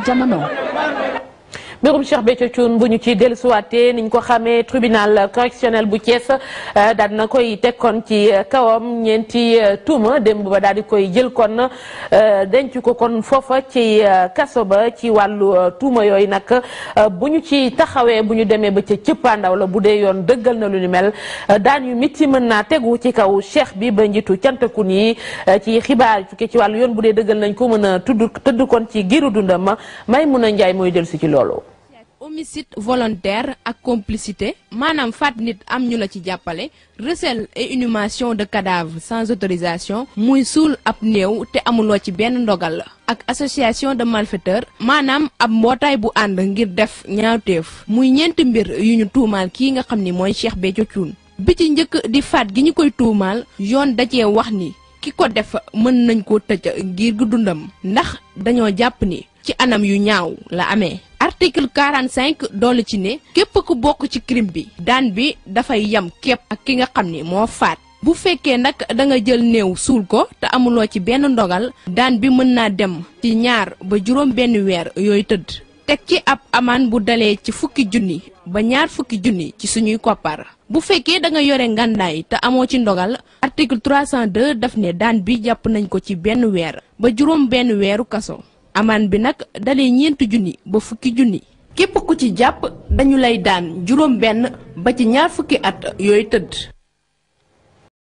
jamono mbirum Cheikh Béthio Thioune bu ñu ci dellusiwaatee niñ ko xamee tribunal correctionnel bu Thiès eh, daal na koy teg kon ci eh, kawam ñeenti eh, tuuma démb ba daal di koy jël kon denc ko kon foofa ci kaso ba ci wàllu tuuma yooyu nag bu ñu ci taxawee bu ñu demee ba ca cëppaandaw la bu dee yoon dëggal na lu ni mel daan yu mitti mën naa tegu ci kaw cheikh bi ba njiitu cantakun yi ci xibaar jukke ci wàllu yoon bu dee dëggal nañ ko mën a tudd tëdd kon ci giiru dundam may mun a njaay mooy dellu si ci loolu homicide volontaire ak complicité maanaam faat nit am ñu la ci jàppale recel et de cadavre sans autorisation muy suul ab néew te amuloo ci benn ndogal ak association de malfaiteurs maanaam ab mbootaay bu ànd ngir def ñaawteef muy ñeenti mbir yu ñu tuumaal kii nga xam ni mooy Cheikh Béthio Thioune bi ci njëkk di faat gi ñu koy tuumaal yoon da cee wax ni ki ko def mën nañ koo tëj ngir gu dundam ndax dañoo jàpp ni ci anam yu ñaaw la amee article 45 doolu ci ne képp ku bokk ci crime bi daan bi dafay yem képp ak ki nga xam ni moo faat bu fekkee nag da nga jël néew suul ko te amuloo ci benn ndogal daan bi mën naa dem ci ñaar ba juróom benn weer yooyu tëdd teg ci ab amaan bu dalee ci fukki junni ba ñaar fukki junni ci suñuy koppar bu fekkee da nga yore ngàndaay te amoo ci ndogal article 302 daf ne daan bi jàpp nañ ko ci benn weer ba juróom benn weeru kaso amaan bi nag dalee ñeenti junni ba fukki junni képp ku ci jàpp dañu lay daan juróom benn ba ci ñaar fukki at yooy tëdd